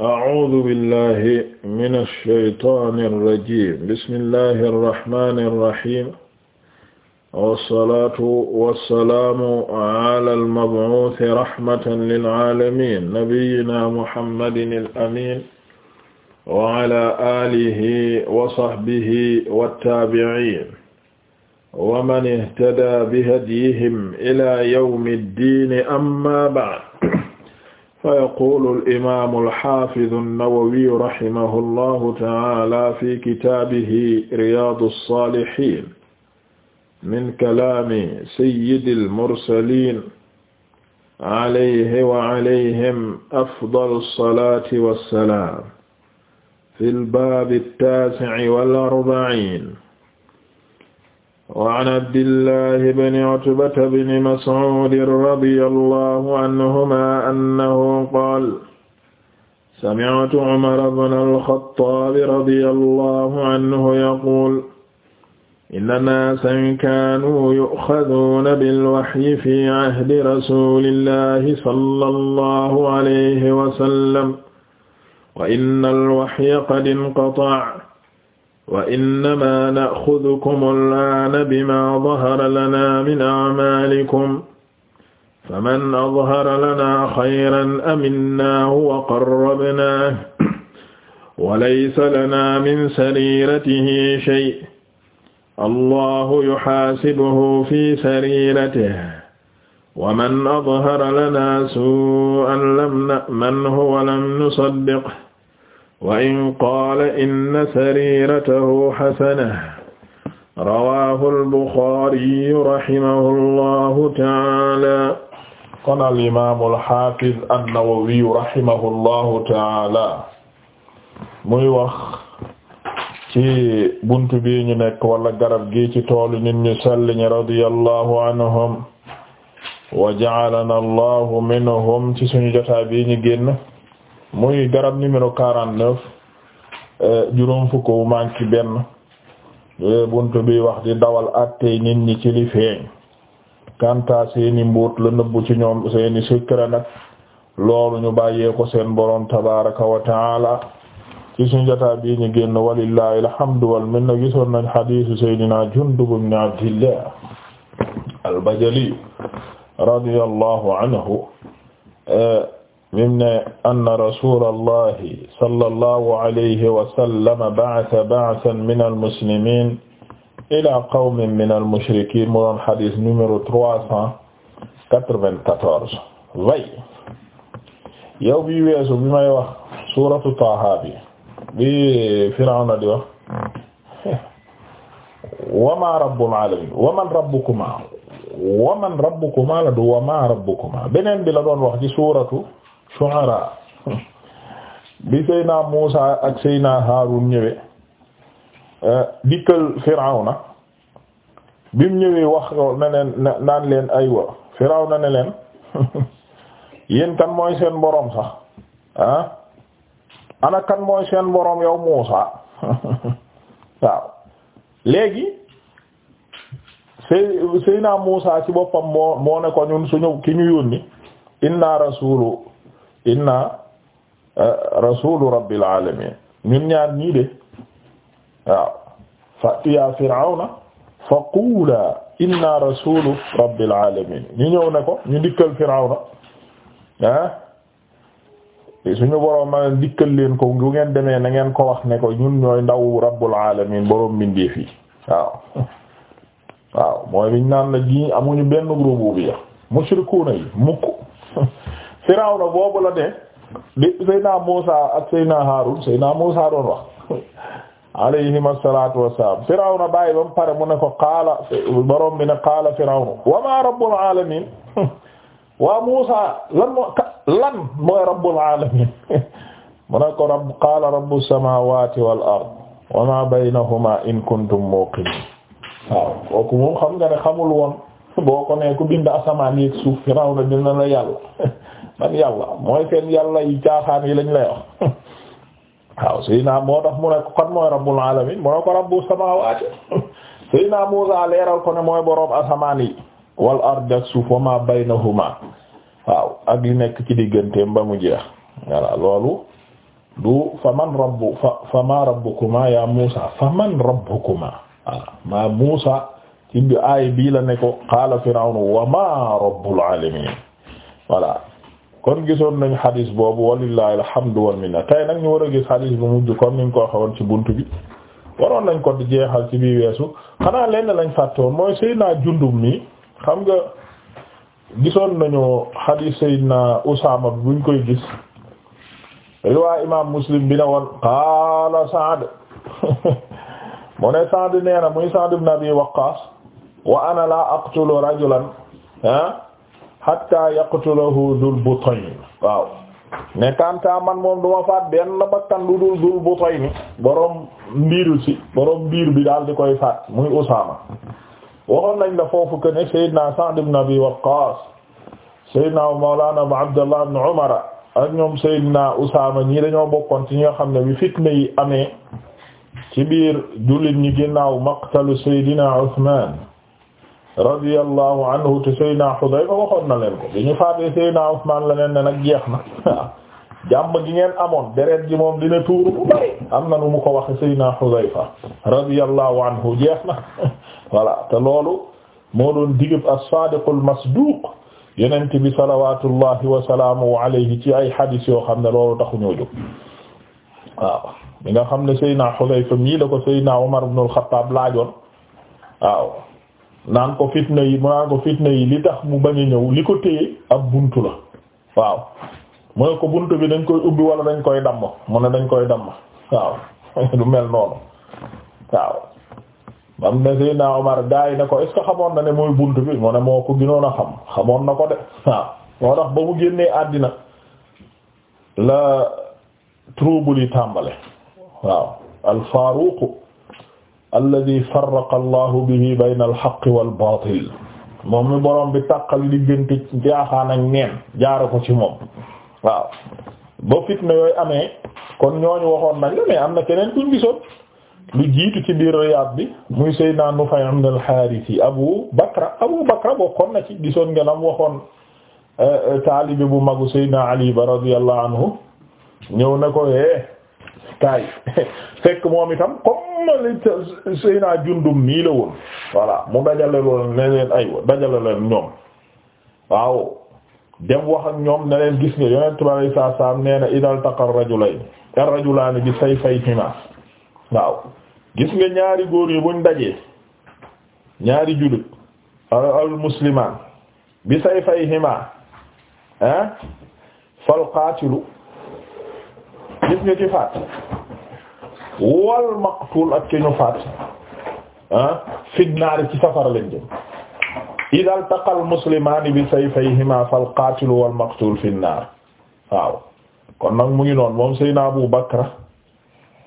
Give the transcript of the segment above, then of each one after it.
أعوذ بالله من الشيطان الرجيم بسم الله الرحمن الرحيم والصلاة والسلام على المبعوث رحمة للعالمين نبينا محمد الأمين وعلى آله وصحبه والتابعين ومن اهتدى بهديهم إلى يوم الدين أما بعد fa yaqulu al-imaamu al-haafidu an-nawawi rahimahu llahu ta'aala fi kitaabihi riyaadu s-saalihiin min kalaami sayyidil mursaliin alayhi wa alayhim afdalu s-salaati wa s-salaam fil baabi t-taasi'i wal arba'iin waan abdillahi bni utbata bni mas'uudin radiyallahu anhuma annahu qaala sami'tu umara bna alxattaabi radiyallahu anhu yaquulu inna naasan kaanuu yu'xazuuna bilwaxyi fii ahdi rasuulillahi sallallahu alayhi wa sallam wa inna alwaxya qad inqata'a wa innama naaxudukum allaana bimaa dahara lana min acmaalikum faman adhara lana xayran aminnaahu wa qarrabnaahu wa laysa lana min sariiratihi shay allahu yuxaasibuhu fi sariiratihi wa man adhara lana suu'an lam na'manhu wa lam nusaddiqhu wa in qaala inna sariiratahu xasana rawaahu albuxaariyu rahimahu allahu taala kon al imaamu alxaafiz annawawiyu rahimahu allahu taala muy wax ci buntu bi ñu nekk wala garab gi ci toolu nit ñu sell ñi radiyallahu anhum wa ja'alana allahu minhum ci suñu jotaa bi ñu génn muy garab numéro quarante-neuf eh, juróom fukk bu ci benn eh, buntu bi wax di dawal àttee nit ñi ci li feeñ kanta seeni mbuut la nëbbu ci ñoom seeni secret nag loolu ñu bàyyee ko seen boroom tabaraka wa taala ci suñu jotaa bi ñu génn walillahi alhamdu wal minna gisoon nañ hadiisu seydina Jundub ibn Abdillah al-Bajali radiyallahu anhu eh, mim ne anna rasulallahi sallallahu alayhi wa sallam ba'asa ba'san minal muslimin ila qawmin minal mushrikin mu doon xadis numéro trois cent quatre-vingt-quatorze. way yow bi weesu bi may wax suuratu Taaha bi bi Firawna di wax wa maa rabbul aalamiin wa man rabbukumaa wa man rabbukumaa la du wa maa rabbukumaa beneen bi la doon wax ci suuratu shu'ara bi Seyna Muusa ak Seyna Haarun ñëwee eh, dikkal na bi mu ñëwee wax na leen naan leen aywa Firawna ne leen yéen kan mooy seen boroom sax ah ana kan mooy seen boroom yow Muusa waaw léegi Sey Seyna Muusa ci boppam moo moo ne ko ñun suñu ki ñu yónni inna rasulu inna eh, rasulu rabbil alamin ñun ñaar ñii de waaw fatiya firawna fa quula inna rasulu rabbil alamin ñu ñëw ne ko ñu dikkal firawna ah suñu boroom ma leen dikkal leen ko gu ngeen demee na ngeen ko wax ne ko ñun ñooy ndaw rabbul alamin boroom mbindeef yi waaw waaw mooy liñ naan la gi amuñu benn groupe bi ya mukk Firawna boobu la ne bi Seyna Muusa ak Seyna Haarun Seyna Muusa doon wax alayhima salaatu wassalaam Firawna bàyyi ba pare mu ne ko qaala borom bi ne qaala Firawna wa maa rabbul aalamiin waa Muusa lan mooy rabbul aalamiin mu ne ko qaala rabbus samaawaati wal wa maa baynahumaa in kuntum muuqiniin waaw kooku moom xam nga ne xamul woon boo ko ne ku bind asamaan yi Firawna dina la yàlla man yàlla mooy seen yàlla yi caaxaan yi lañ lay wax waaw moo tax mu ne ko kon mooy rabbu samaawaati Seydina wal ard ak wa ma baynahuma waaw ak nekk ci digganteem ba mu jeex voilà loolu du fa man rabbu fa ya Muusaa fa man rabbukuma voilà ma ci aay bii la qaala firawnu wa ma rabbul alamin voilà kon gisoon nañu xadis boobu walillahi alhamdu wal minna tey nag ñu war a gis xadis bu mujj kon niñ ko xawoon ci buntu bi waroon nañ ko di jeexal ci biir weesu xanaa lenn lañ fàttewoon mooy Seydina Jundub mi xam nga gisoon nañu xadis Seydina Usaama bi buñ koy gis riwaa imaam Muslim bi ne woon qaala Sa'd mu ne Sa'd nee na muy Sa'd ibn Abi Waqqaas wa ana laa aqtulu rajulan ah hatta yaqtulahu dul butayn waaw ne kanta man moom duma faat benn bakkan lu dul dul butayn borom mbiru ci borom biir bi daal di koy faat muy Usaama waxoon nañ la foofu que ne Seydina Sa'd ibn Abi Waqqas Seydina Mawlana Abdullah ibn Umar ak ñoom Seydina Usaama ñii dañoo bokkoon ci ñi nga xam ne bi fitna yi amee ci biir jullit ñi ginnaaw maqtalu Seydina Usmaan radiyallahu a te Seyna Xudayfa waxoon na leen ko bi ñu faatee Seyna Usmaan la leen ne nag jeex na waaw gi ngeen amoon deret ji moom dina tuuru am na nu mu ko waxe Seyna Xudayfa radiyallahu anhu jeex na voilà te loolu moo doon digib as-saadiqul masduuq yonent bi salawaatullahi wa salaamuhu alayhi ci ay hadis yoo xam ne loolu taxu ñoo jóg mi nga xam ne Seyna Xudayfa mii la ko Seyna Umar ibn al-Xattaab laajoon waaw naan ko fitna yi mu naan ko fitna yi li tax mu bañ ñëw li ko téye ab buntu la waaw mu ne ko buntu bi dañ koy ubbi wala dañ koy damm mu ne dañ koy damm waaw du mel noonu waaw bam ne Seydina Omar gaa yi ne ko est ce xamoon na ne mooy bunt bi mu ne moo ko gënoon a xam xamoon na ko de waaw moo tax ba mu génnee àddina la trouble yi tàmbale waaw al alladi farraqa allahu bihi bayna alxaqi walbatil moom mi boroom bi tàqal diggante jaaxaan ak neen jaare ko ci moom waaw ba fitna yooyu amee kon ñooñu waxoon nañ la mais am na keneen kuñ gisoon lu jiitu ci biir Riyaad bi muy Seydina Nufay ibn al-Haarisi Abu Bakra Abu Bakra bokkoon na ci gisoon nga lam waxoon eh, eh, taalibe bu magu Seydina Ali ba radiyallahu anhu ñëw na ko hee eh, kaay fekk moom itam comme li Seyna Jundum nii woon voilà mu dajale loolu ne leen aywa dajale leen ñoom waaw dem wax ñoom ne leen gis nga Yonent bi alayhi salaatu salaam nee na idal taqar rajulayni waaw gis nga ñaari góor yi buñ dajee ñaari jullit al muslimaan bi sayfayhimaa ah fal qaatilu gis nga ci faat wal maqtul ak ki ñu faat ah, fi naari ci safara lañ jëm idha altaqa al muslimaani bi sayfayhima fal qaatilu wal maqtul fi naar waaw kon nag mu ngi noonu moom Seydina Abu Bakra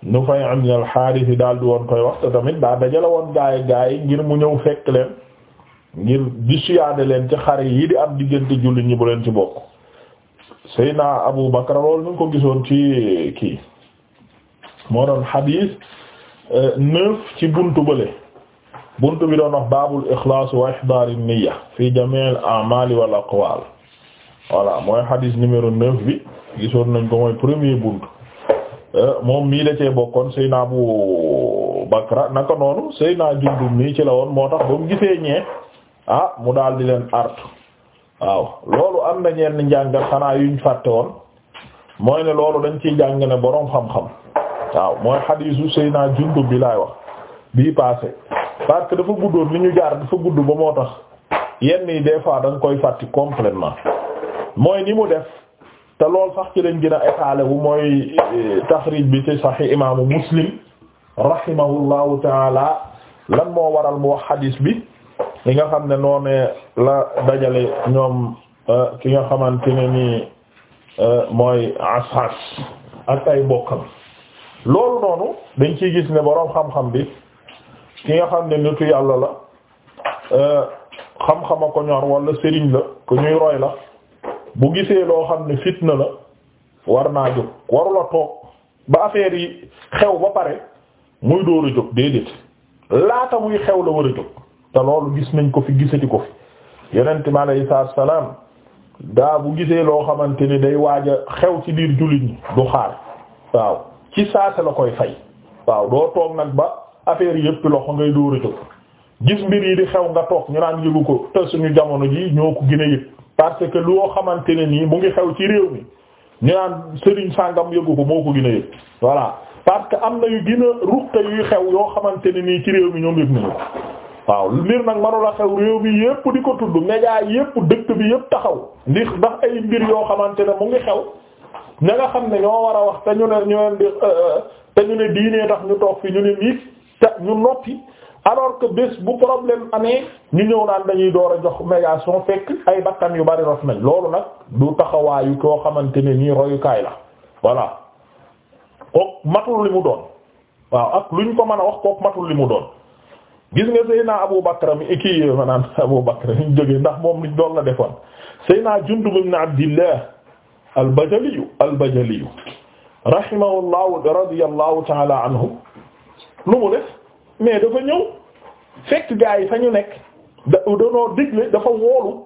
Nufay ibn al Haaris daal di woon koy wax te tamit daa dajale woon gaay gaay ngir mu ñëw fekk leen ngir dissuader leen ci xare yi di am diggante julli ñi bu leen ci bokk Seydina Abu Bakr loolu ñu ko gisoon ci kii moo doon xadiis euh, neuf ci bunt bële buntu bi doon wax baabul ixlaas wa ihdaari niyya fi jamiil a'maal wal aqwaal voilà mooy xadiis numéro neuf bi gisoon nañ ko mooy premier buntu euh, moom mii da cee bokkoon Seydina Abu Bakr naka noonu Seydina Jundub mii ci la woon moo tax ba mu gisee ñee ah mu daal di leen art waaw loolu am na ñenn njàngal xanaa yuñ fàtte woon mooy ne loolu dañ ciy jàng ne boroom xam-xam waaw mooy xadiisu Seydina Jundub bi laay wax bii passé parce que dafa guddoon li ñu jaar dafa gudd ba moo tax yenn yi des fois da koy fàtti complètement mooy ni mu def te lool sax ci lañ gën a étalé bu mooy euh, taxrij bi ci Sahih imaamu Muslim rahimahullahu taala lan moo waral mu wax xadiis bi li nga xam ne noonee la dajale ñoom euh, ki nga xamante ne nii euh, mooy asas ak ay bokkam loolu noonu dañ ciy gis ne boroom xam-xam bi ki nga xam ne nitu yàlla la euh, xam-xama ko ñor wala sëriñ la ku ñuy roy la bu gisee loo xam ne fitna la war naa jóg warula toog ba affaire yi xew ba pare muy dóor a jóg déedéet laata muy xew la war a jóg te loolu gis nañ ko fi gisati ko fi yonent bi alayhi salaam daa bu gisee loo xamante ni day waaj a xew ci biir jullit ñi du xaar waaw ci saasa la koy fay waaw doo toog nag ba affaire yëpp loxo ngay dóor a jóg gis mbir yi di xew nga toog ñu naan yëgu ko te suñu jamono ji ñoo ko gina a yëg parce que loo xamante ne nii mu ngi xew ci réew mi ñu naan sëriñ sàngam yëgu ko moo ko gën a yëg parce que am na yu gën a yuy xew yoo xamante ne nii ci réew mi ñoom yëg nañu waaw mbir nag manula xew réew bi yépp di ko tudd média yépp dëkk bi yépp taxaw ndi ndax ay mbir yoo xamante ne mu ngi xew ña nga xam ne ñoo war a wax te ñu ne ñoo di euh, euh, te ñu ne diinee tax ñu toog fi ñu ne miis te ñu noppi alors que bés bu problème amee ñu ñëw naan dañuy door a jox médiation fekk ay bakkan yu bari rof nañ loolu nag du taxawaayu koo xamante ne nii royukaay la voilà kook matul li mu doon waaw ak luñ ko mën a wax kook matul li mu doon gis nga Seyna Abu Bakr mi e kii maanaam Abu Bakr ñu jógee ndax moom liñ doon la defoon Seyna Jundub ibn Abdillah al-Bajali al-Bajali rahimahullahu radiyallahu ta'ala anhu lu mu def mais dafa ñëw fekk gaa yi fa ñu nekk da danoo digle dafa woolu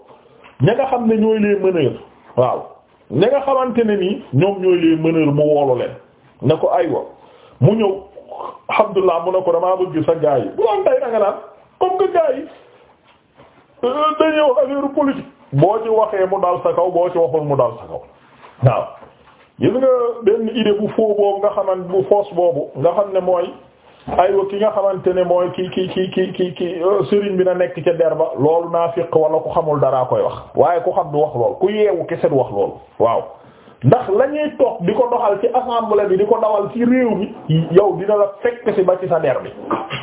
ña nga xam ne ñooy les meneurs waaw ña nga xamante ne nii ñoom ñooy les meneurs mu woolu leen ne ko aywa mu ñëw. alhamdulilah mu ne ko damaa bëgg sa gaa yi bu doon tey da nga naan comme que gaa yi euh, dañuy wax affaire boo ci waxee mu dal sa kaw boo ci waxul mu dal sa kaw waaw gis nga benn idée bu foo boobu nga xaman bu foos boobu nga xam ne mooy aywa ki nga xamante ne mooy ki ki ki ki ki ki euh, sëriñ bi na nekk ca derba loolu naa fiq wala ku xamul daraa koy wax waaye ku xam du wax lool ku yeewu kese du wax lool waaw ndax la ñuy toog di ko doxal ci assemblée bi di ko dawal ci réew mi yow dina la fekk ci ba ci sa der bi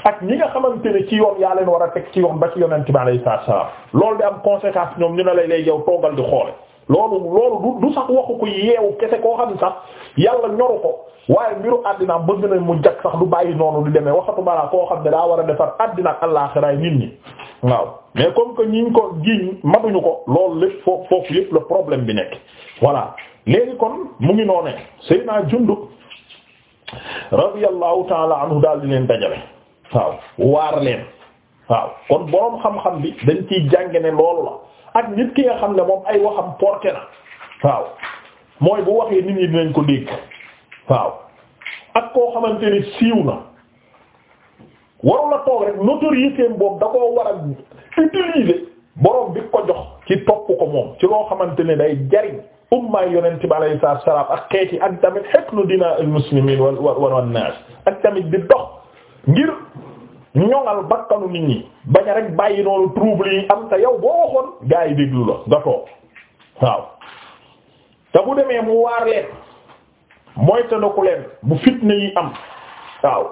ak ñi nga xamante ne ci yoon yaa leen war a teg ci yoon ba ci yonent bi alayhi salaam loolu di am conséquence ñoom ñu ne lay lay yow toogal di xoole loolu loolu du sax waxu ko yeewu kese koo xam sax yàlla ñoru ko waaye mbiru àddina bëgg nañ mu jag sax du bàyyi noonu di demee waxatu balaa koo xam ne daa war a defar àddina ak àllaaxiraay nit waaw mais comme que ñi ñu ko jiiñ matuñu ko loolu lépp foofu foofu yëpp le problème bi nekk voilà léegi kon mu ngi noonee Seydina Jundub radiyallahu taala anhu daal di leen dajale waaw waar leen waaw kon boroom xam-xam bi dañ ciy jàng ne loolu la ak nit ki nga xam ne moom ay waxam porté na waaw mooy bu waxee nit ñi dinañ ko dégg waaw ak koo xamante ni siiw na waru la toog rek notoriété boobu da koo war a utiliser boroom bi ko jox ci topp ko moom ci loo xamante ni day jariñ ummaay yonent bi alayhi salaatu salaam ak xeet yi ak tamit xetlu dinaa al muslimiin wal wal naas ak tamit di dox ngir ñoŋal bakkanu nit ñi bañ rek bàyyi noonu trouble yi am te yow boo waxoon gaa yi déglu la nga toog waaw te bu demee mu waar leen mooy te ku leen bu fitna yi am waaw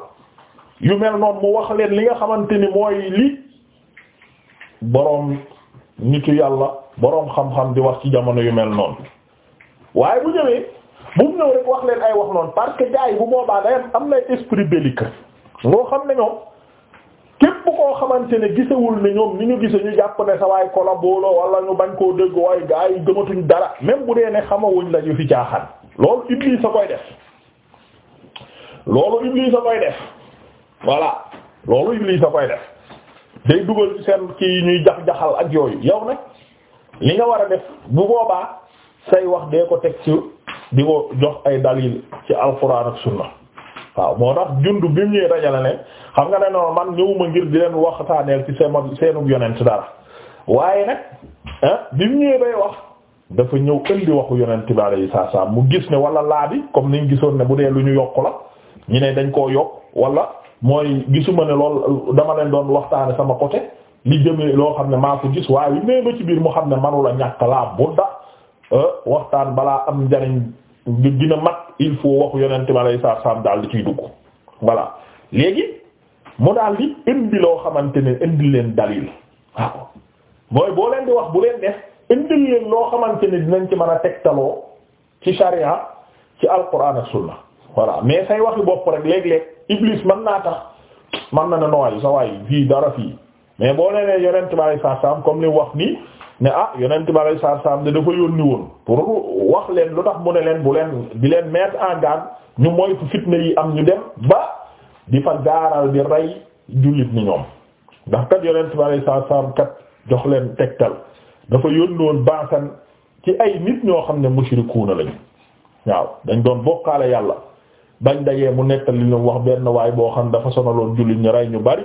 yu mel noonu mu wax leen li nga xamante ni mooy lii boroom nitu yàlla boroom xam-xam di wax ci jamono yu mel noonu waaye bu ñëwee bu mu ñëw rek wax leen ay wax noonu parce que jaay bu boobaa day am na esprit belliqueux ngoo xam ne ñoom képp koo xamante ne gisewul ni ñoom ni ñu gise ñu jàpp ne sa waay kolabooloo wala ñu bañ koo dégg waaye gaa yi gëmatuñ dara même bu dee ne xamawuñ la ñu fi caaxaan loolu Iblis sa koy def loolu Iblis sa koy def voilà loolu Iblis sa koy def day dugal seen kii ñuy jax-jaxal ak yooyu yow nag li nga war a def bu boobaa say wax dee ko teg ci di ko jox ay dalil ci alquran ak sunna waaw moo tax jund bi mu ñëwee dajale ne xam nga ne noonu man ñëwuma ngir di leen waxtaaneel ci seen seenub yonent dara waaye nag ah, bi mu ñëwee bay wax dafa ñëw indi waxu yonent bi alayhi salaam mu gis ne wala laa bi comme ni gisoon ne bu dee lu ñu yokk la ñu ne dañ koo yokk wala mooy gisuma ne lool dama leen doon waxtaane sama côté li jëme loo xam ne maa ko gis waaye yu mu xam ne manula Euh, waxtaan balaa am njariñ gi gën a mat il faut waxu yonente bi alayhi salaam daal di ciy dugg voilà léegi mu daal di indi loo xamante ne indi leen dalil waaw mooy boo leen di wax bu leen de indi leen loo xamante ne dinañ ci man a tegtaloo ci sharia ci alquran ak sunna voilà mais say waxi bopp rek léeg-léeg iblis mën naa tax man na ne nooy sa waay fii dara fii mais boo leen nee yonente bi alayhi salaam comme li wax nii. ne ah yonent ba lay saa saam de dafa yónni woon pour wax leen lu tax mu ne leen bu leen bi leen mettre en garde ñu moytu fitna yi am ñu dem ba di fa gaaral di rey jullit ni ñoom ndax kat yonent ba lay saa saam kat jox leen tegtal dafa yónni woon baasan ci ay nit ñoo xam ne kuuna lañu waaw dañ doon bokkaale yàlla bañ dajee mu nettali ñu wax benn waay boo xam dafa sonaloon jullit ñu rey ñu bari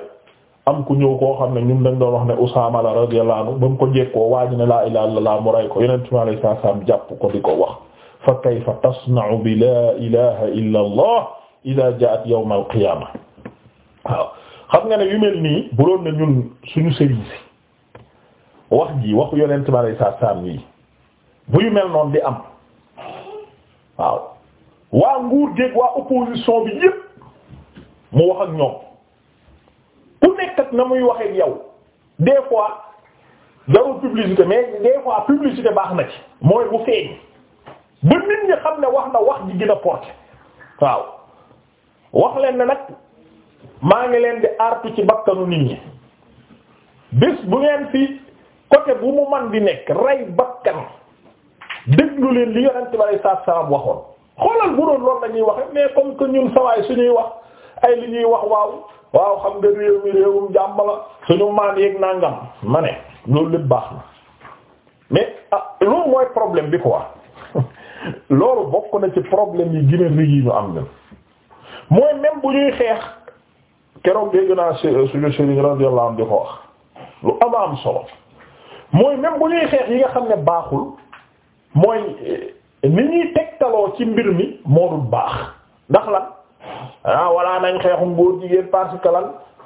am ko ñëw koo xam ne ñun dañ doon wax ne Usaama la radiyallahu anhu ba mu ko jekkoo waaj ne laa ilaaha illallaah mu ko di ko wax fa kayfa tasna'u bi laa ilaaha illallaah idaa jaa'at yawmal qiyaama waaw xam nga ne yu mel nii bu doon ne ñun suñu sëriñ si wax ji waxu Yonent bi alayhi salaam yi bu yu mel noonu di am waa nguur géeg waa opposition bi yépp mu wax ñoom ku nekk ak na muy waxee ak yow des fois jarul publicité mais des fois publicité baax na ci mooy bu feeñ ba nit ñi xam ne wax na wax ji gën a porté waaw wax leen na nag maa ngi leen di artu ci bakkanu nit ñi bés bu ngeen fi côté bu mu man di nekk rey bakkan déglu leen li yonent bi alayhi salaatu salaam waxoon xoolal bu doon loolu la ñuy waxe mais comme que ñun sawaay suñuy wax ay li ñuy wax waaw waaw xam nga réew mi réewum jàmm la suñu maan yeeg nangam ma ne loolu lépp baax na mais ah loolu mooy problème bi quoi loolu bokk na ci problème yi gën a rëy ñu am ñun mooy même bu ñuy xeex keroog dégg naa euh, suñu sëriñ radiyallahu anhu di ko wax lu am am solo mooy même bu ñuy xeex yi nga xam ne baaxul mooy euh, ni ñuy tegtaloo ci mbir mi moo dul baax ndax lan. ah walla nañ xeexum góor jigéen parce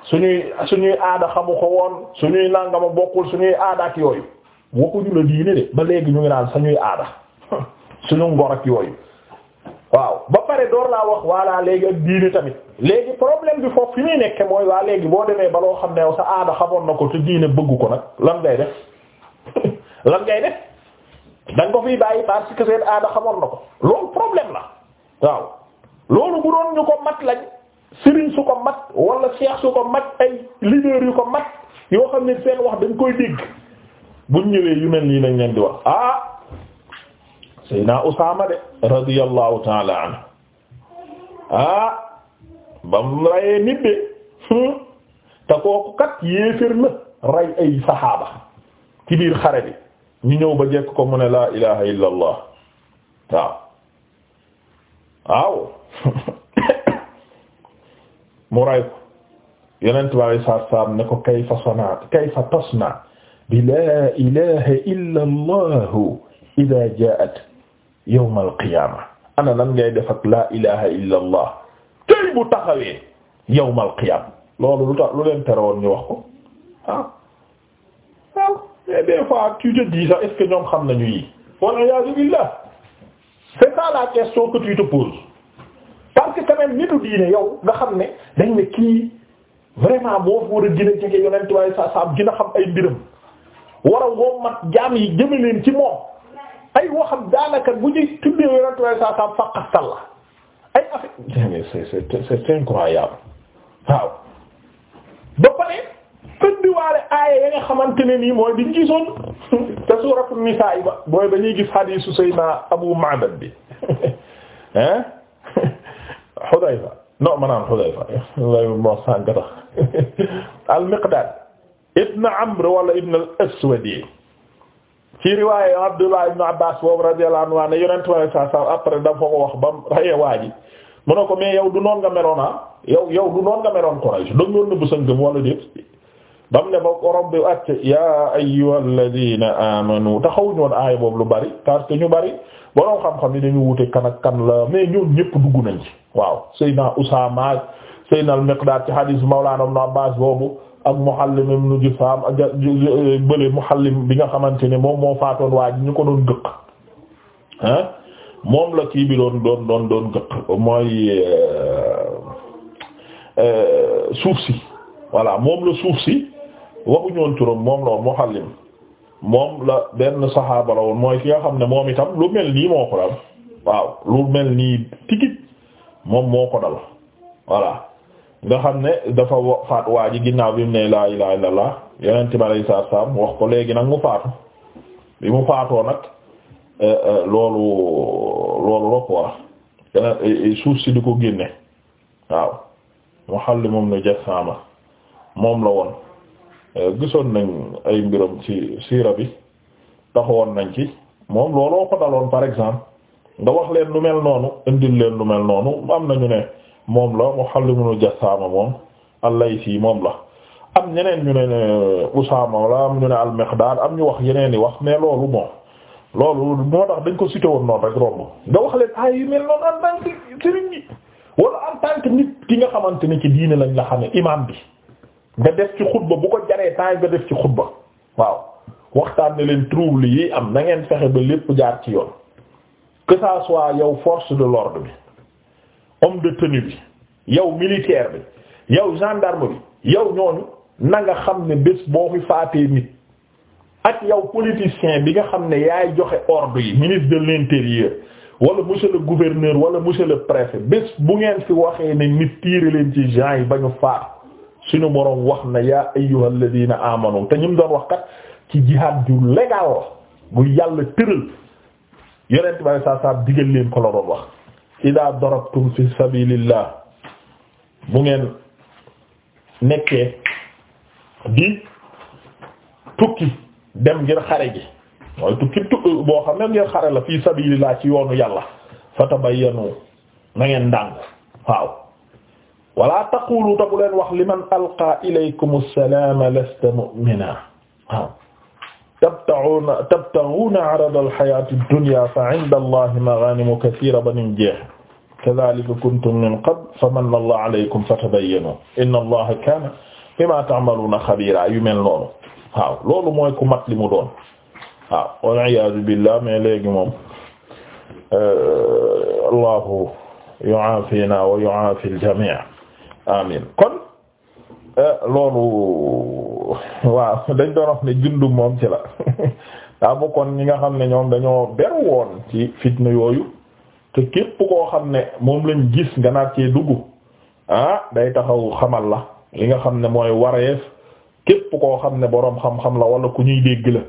suñuy suñuy aada xamu ko woon suñuy nangama bokkul suñuy aada ak yooyu waxuñu la diine de ba léegi ñu ngi naan suñuy aada suñu ngor ak yooyu waaw ba pare door laa wax walla léegi ak diine tamit léegi problème bi foofu fi muy nekke mooy waa léegi boo demee ba loo xam ne sa aada xamoon na ko te diine bëggu ko nag lan ngay def lan ngay def da nga ko fiy bàyyi parce seen aada xamoon na ko loolu problème la loolu bu doon ñu ko mat lañ sëriñ su ko mat wala seex su ko mat ay leader yu ko mat yoo xam ne seen wax dañ koy dégg buñ ñëwee yu mel nii nañ leen di wax ah Seydina Usaama de radiyallahu taala anhu ah bam rayee nit de te kooku kat yéefér na rey ay saxaaba ci xare bi ñu ñëw ba jekk ko mu ne laa ilaha illa allah waaw waaw mu ray ko yeneen tubaab yi saabsaab ne ko kayfa sanaa kayfa tasna bi laa ilaaha illa allahu idaa jaa'at yawmal qiyaama ana nan ngay def ak laa ilaaha illa allah tey bu taxawee yawmal qiyaama loolu lu tax lu leen tere woon ñu wax ko ah waaw ah. mais eh, des fois tu te dis sax est-ce que ñoom xam nañu yi. wal iyaadu billah c'est ça la question que tu te poses. même nitu diine yow nga xam ne dañ ne kii vraiment moo fi war a gën jege yonent waaye sa xam ay mbiram war a wommat jaam yi jëme leen ci moom ay waxam daanaka bu ñuy tuddee yonent waaye sa saam ay affaire c'est c'est c'est waaw ba pare tëddiwaale aaya ya nga xamante ne nii mooy biñ gisoon te suuratu nisaa ba booy ba ñuy gis hadiisu Seydina Abu Ma'bad bi hein Xudayfa non ma naan Xudayfa moo sànq tax al-Miqdaad ibn Amr wala ibn al-Aswad ci riwaayu Abdullah ibn Abbas boobu radiyallahu anhu ne Yonent bi saa saa après dafa ko wax ba mu rayé waa ji mu ko mais yow du noon nga meloon ah yow du noon nga meloon Quraysh doon nëbb sa wala déet ba mu ne ba borom bi àcc yaa ayyuhalladhiina aamanu taxawuñu woon aaya boobu lu bari parce ñu bari. borom xam-xam yi dañu wute kan ak kan la mais ñoom ñëpp dugg nañ ci waaw Seydina Usaama Seydina al-Miqdaad ci hadiis Mawlaana Ibn Abbaas boobu ak Muhallim ibn Jusaam ak bële Muhallim bi nga xamante ne moom moo faatoon waa ji ñu ko doon gëq moom la kii bi doon doon doon doon gëq mooy euh, euh, suuf si voilà moom la suuf si waxuñu woon turam moom la Muhallim moom la benn saxaaba la woon mooy ki nga xam ne moom itam lu mel nii moo ko dal waaw lu mel nii tikit moom moo ko dal voilà nga xam ne dafa faat waa ji ginnaaw bi mu ne laa ilaaha illallaah yonent bi alayhi salaatu wa salaam wax ko léegi nag mu faatu bi mu faatoo nag eh, eh, loolu loolu la ko war eh, suuf si di ko génne waaw Muhallim ibn Jassama moom la woon. Euh, gisoon nañ ay mbiram ci siira bi woon nañ ci moom looloo ko daloon par exemple nga wax leen lu mel noonu indi leen lu mel noonu am na ñu ne moom la Muhallimul Jassaama moom al sii moom la am ñeneen ñu ne ne euh, Usaama la am ñu ne al-Miqdaad am ñu wax yeneen i wax mais loolu moom loolu moo tax dañ ko cité woon noonu rek romb nga wax leen ay mel noonu en tant nit ki nga xamante ni ci diine lañ la xam ne imaam bi nga def ci ba bu ko jaree temps nga def ci xutba waaw waxtaan ne leen trouble yi am nangeen ngeen fexe ba lépp jaar ci yoon que ça soit yow force de l'ordre bi homme de tenue bi yow militaire bi yow gendarme bi yow ñooñu na nga xam ne bés boo fi faatee nit ak yow politicien bi nga xam ne yaay joxe ordre yi ministre de l'intérieur wala monsieur le gouverneur wala monsieur le préfet bés bu ngeen fi waxee ni nit tiire leen ci gens yi ba ñu faat suñu boroom wax na yaa ayyuhal ladina amanu te ñim doon wax kat ci jihaad ju légal bu yàlla tëral yonent bi saa saa digal leen ko la doon wax ida darabtum fi sabilillah bu ngeen nekkee di tukki dem ngir xare ji mooy tukki tukki boo xam ne ngir xare la fi sabilillah ci yoonu yàlla fatabayyanu na ngeen ndànk waaw wala taqulu ta bu leen wax liman alqa ilaykum assalaama lasta mu'mina waaw tabtaxuuna tabtaxuuna arada alxayaati dunya fa inda allahi maganimu kasiira ba nim jeex kadalika kuntum min qabl famanna allahu alaykum fatabayyanu inna allaha kaana bimaa ta'maluuna xabiira yu mel noonu waaw loolu mooy ku mat li mu doon waaw wal iyaadu billah mais léegi moom euh, allahu yu'aafiina wa yu'aafi al jamii' amin kon euh, loolu waaw dañ doon wax ne jundum moom ci la daa kon ñi nga xam ne ñoom dañoo beru woon ci fitna yooyu te képp koo xam ne moom lañ gis nga naat cee dugg ah day taxaw xamal la li nga xam ne mooy wareef képp koo xam ne boroom xam-xam la wala ku ñuy dégg la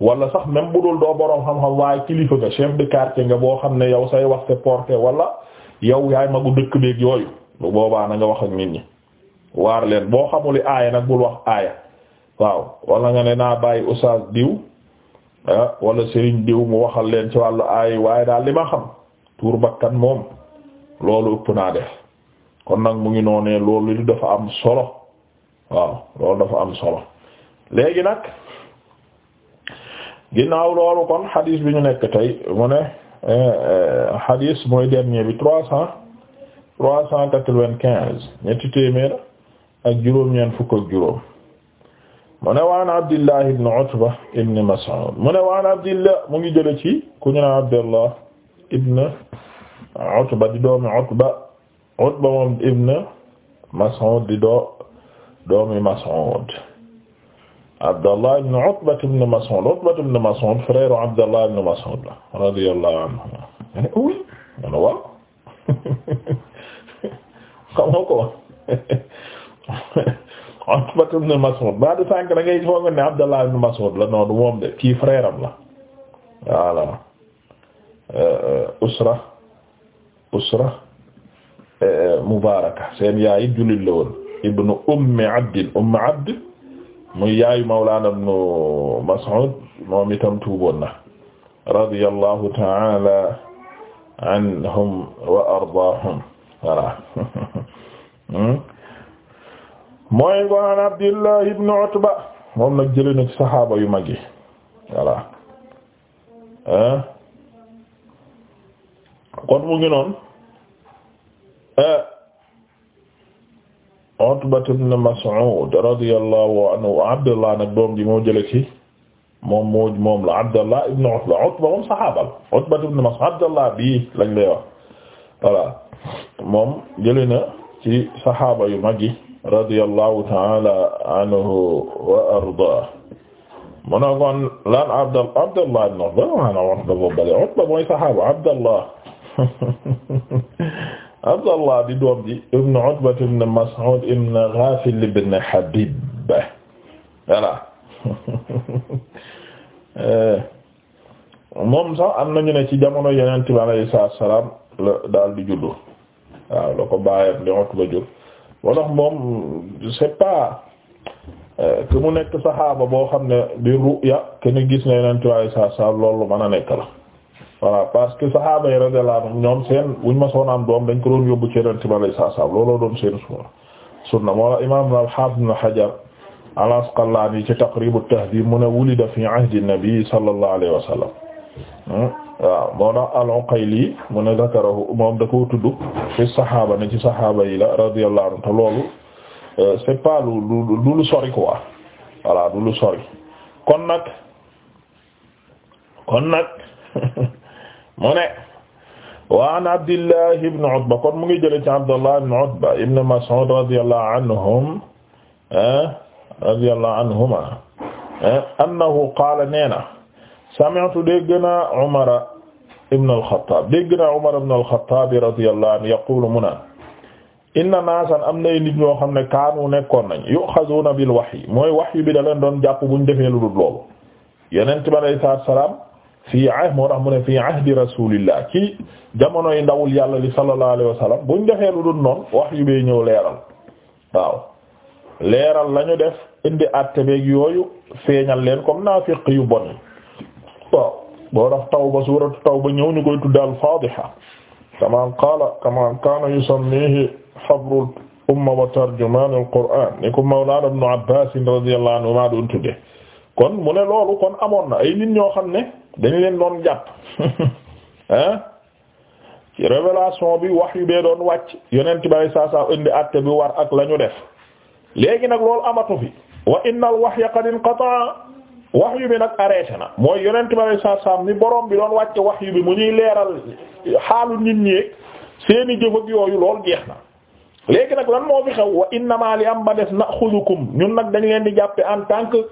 wala sax même bu dul doo boroom xam-xam waaye kilifa nga chef de quartier nga boo xam ne yow say wax te porte wala yow yaay magu dëkk beeg yooyu bu boobaa na wax ak nit ñi waar leen boo xamuli aaya nag bul wax aaya waaw walla nga ne naa bàyyi oustaz diw wala Serigne diw mu waxal leen ci wàllu aay waaye daal li ma xam tuur bakkan moom loolu ëpp naa def kon nag mu ngi noonee loolu li dafa am solo waaw loolu dafa am solo léegi nag ginnaaw loolu kon xadiis bi ñu nekk tey mu ne eh, eh, xadiis mooy dernier bi trois cents trois cent quatre vingt ñetti téeméer ak juróom-ñeent fukk ak juróom mu ne waan Abdillah ibn Utba ibn Mas'ud mu ne waan Abdillah mu ngi jële ci ku ñu naan Abdallah ibn Utba di doomi Utba Utba moom ibn Mas'ud di doo doomi Mas'ud Abdallah ibn Utba ibn Mas'ud Utba ibn Mas'ud frère Abdallah ibn Mas'ud xamoo ko Utba ibn Mas'ud ba du sànk da ngay foog ne Abdallah ibn Mas'ud la noonu moom de kii frère am la voilà euh, usra usra euh, mubaraka seen yaay it jullit la woon ibnu ummi abdin ummi abd muy yaayu mawlana ibnu Mas'ud moom itam tuuboon na radiyallahu ta'ala anhum wa ardaahum voilà hmm? mooy ko Abdullah ibn Utba moom nag jëlee na ci saxaaba yu mag yi voilà kon mu ngi noonu eh. Utba ibn Mas'ud radiyallahu anhu Abdullah nag doom ji moo jëlee ci moom moo moom la Abdullah ibn Utba moom saxaaba la Abdullah bii lañ lay wax moom jëlee na ci saxaaba yu mag yi radiyallahu ta'ala anhu wa arda mu ne kon lan abdal abdallah ibn Utba maanaam wax dafa bële Utba mooy saxaaba abdallah abdallah di doom ji ibn Utba ibn Mas'ud ibn Ghafil ibn Habib voilà eh, moom sax am nañu ne ci jamono Yonent bi alayhi salaam daal di juddu waaw la ko bàyyam di Utba jur moo tax moom c'est euh, mu nekk saxaaba boo xam ne di ruya kenn gis na yeneen tuwaay saa saa loolu mën a nekk la voilà parce que saxaaba yi radiyallahu anhum ñoom seen buñ ma soon doom dañ ko doon yóbbu ci yeneen tubaab saa saa looloo doon seen sunna sunna moo la imaam al-Hafiz Ibn Hajar al ci Taqrib at-Tahdhib mu ne wulida fi ahdi an-nabi sallallahu alayhi waaw moo tax al-Uqayli mu ne zakarahu moom da koo tudd fi saxaaba ne ci saxaaba yi la radiyallahu anhu te loolu euh, c'est pas lu lu lu sori quoi voilà du lu sori kon nag kon nag mu ne wa an Abdullah ibn Utba kon mu ngi jële ci Abdullah ibn Utba ibn Mas'ud radiyallahu anhum radiyallahu anhuma annahu qaala nee na sami'tu dégg naa Umara ibn al-Khattab dégg naa Umar ibn al-Khattab radiyallahu anhu yaqulu mu naan inna naasan am nay nit ñoo xam ne kaanu nekkoon nañ yuxazuuna bil wahyi mooy wahyu bi da leen doon jàpp bu ñu defee lu dul loolu yeneen bi alayhi salaatu wa salaam fii ahd moo tax mu ne fii ahdi rasulillah ci jamonoy ndawul yàlla li sallallahu alayhi wa sallam bu ñu defee lu dul noonu wahyu bee ñëw leeral leeral lañu def indi àtte beeg yooyu feeñal leen comme naafiq yu bon waaw boo tax tawba suuratu tawba ñëw ñu koy tudde al-faadiha kama qaala kama kaana yusammiihi habrul umma wa tarjumaanul qur'aan ni ko mawlaana ibnu abbaas radiyallahu anhumaa doon tudde kon mu ne loolu kon amoon na ay nit ñoo xam ne dañu leen doon jàpp ah ci révélation bi wax yu bee doon wàcc yonent bi saa saa indi àtte bi war ak lañu ñu def léegi nag loolu amatu fi wa inna al wax yu bi nag arrêté na mooy yonent bi sallallahu alayhi wasallam ni borom bi doon wàcce waxyu bi mu ñuy leeral xaalu nit ñi seeni jëf ak yooyu lool jeex na léegi nag lan moo fi xew wa innama li am ba des naxudukum ñun nag dañ leen di jàppe en tant que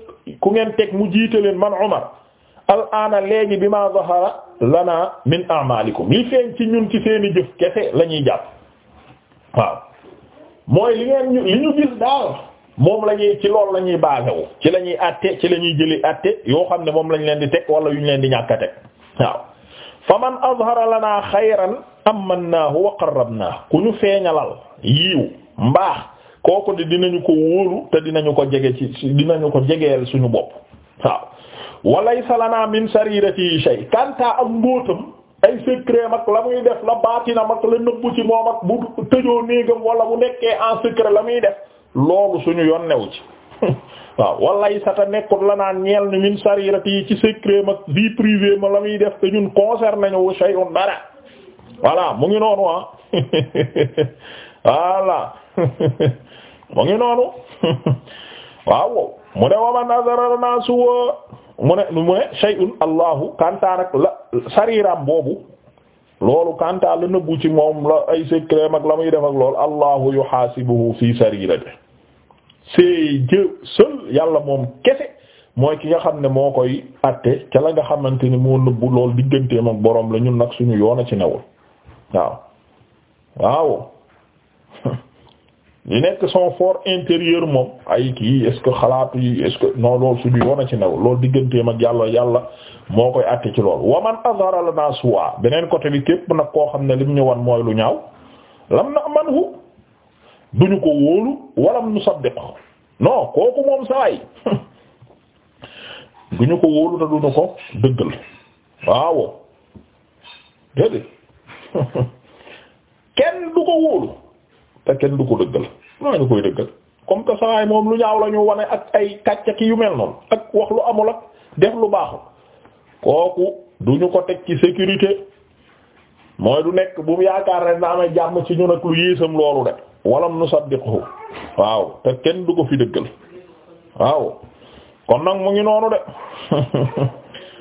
ku ngeen teg mu jiite leen man Umar al aana bi ma zahara lana min amalikum li feeñ ci ñun ci seeni jëf kese la jàpp waaw mooy li ngeen li ñu gis daal moom la ci loolu la ñuy basé ci la ñuy àtte ci la ñuy jëli àtte yoo xam ne moom lañ leen di teg wala yu ñu leen di ñàkk a teg waaw fa man azhara lanaa xayran ammannaahu wa qarrabnaahu ku ñu feeñalal yiiw mbaax kooku di dinañu ko wóolu te dinañu ko jege ci dinañu ko jegeel suñu bopp waaw walaysa lanaa min yi shay kanta ak mbóotam ay secret mag la muy def la baatina mag la nëbbu ci moom ak bu tëjoo néegam wala bu nekkee en secret la muy def loolu suñu yoon new ci waaw walay sata nekkul la naan ñeel ni min sarirati yi ci secret ma vie privée ma la muy def te ñun concerné ñu shay'un dara voilà mu ngi noonu ah voilà mu ngi noonu waaw mu ne wama nazara naa suwa mu ne mu ne shay'un allahu kantaan ak la sariram boobu loolu kanta la nëbbu ci moom la ay secret mag la muy def ak loolu allahu yuhaasibuhu fi sarirati c'est Dieu seul yàlla moom kese mooy ki nga xam ne moo koy atte ca la nga xamante ni moo nëbbu loolu digganteem ak boroom la ñun nag suñu yoon a ci newul waaw waaw li nekk son fort intérieur moom ay kii est-ce que xalaatu yi est-ce que non loolu suñu yoon ci new loolu digganteem ak yàlla yàlla moo koy àtte ci loolu waman azhara la naa suwa beneen côté bi képp nag koo xam ne lim ñu wan mooy lu ñaaw lam na man hu duñu ko wóolu walam nu saddiq non kooku moom saay duñu ko wóolu te duñu ko dëggal waaw kenn du ko wóolu te kenn du ko dëggal naa ñu koy dëggal comme que sawaay moom lu ñaaw la ñu wane ak ay kàcca ki yu mel noonu ak wax lu amul ak def lu baaxul kooku du ñu ko teg ci sécurité mooy du nekk bu mu yaakaar ne na jàmm ci ñun ak lu yéesam loolu de walam nu saddiqu waaw te kenn du ko fi dëggal waaw kon nag mu ngi noonu de